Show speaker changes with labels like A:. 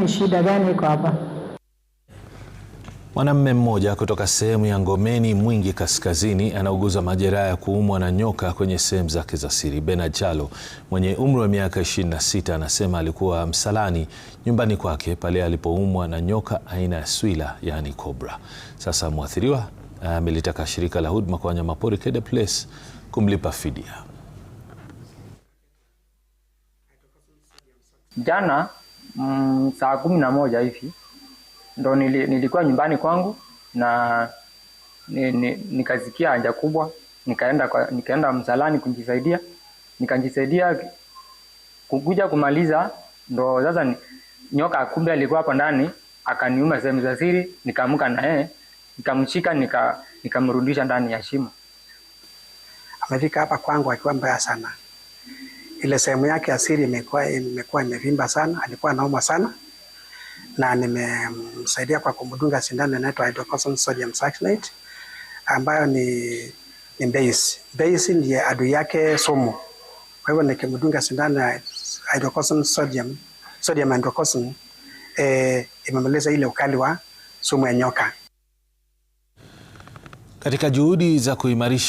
A: ni shida gani iko hapa?
B: Mwanamume mmoja kutoka sehemu ya Ngomeni Mwingi Kaskazini anauguza majeraha ya kuumwa na nyoka kwenye sehemu zake za siri. Bernard Kyalo mwenye umri wa miaka 26 anasema alikuwa msalani nyumbani kwake pale alipoumwa na nyoka aina ya swila, yaani cobra. Sasa mwathiriwa eh, amelitaka shirika la huduma kwa wanyamapori KDPLES kumlipa fidia.
C: Jana mm, saa kumi na moja hivi ndo nili, nilikuwa nyumbani kwangu na ni, ni, nikasikia haja kubwa nikaenda kwa, nikaenda msalani kujisaidia nikajisaidia kukuja kumaliza ndo sasa nyoka kumbe alikuwa hapo ndani akaniuma sehemu za siri nikaamka na yeye nikamshika nikamrudisha nika ndani ya shimo
D: amefika hapa kwangu akiwa mbaya sana ile sehemu yake asiri imekuwa imekuwa imevimba sana, alikuwa anauma sana, na nimemsaidia kwa kumdunga sindano inaitwa hydrocortisone sodium succinate ambayo ni ni base. Base ndiye adui yake sumu. Kwa hivyo nikimdunga sindano ya hydrocortisone sodium sodium hydrocortisone eh, imemaliza ile ukali wa sumu ya nyoka. Katika juhudi za kuimarisha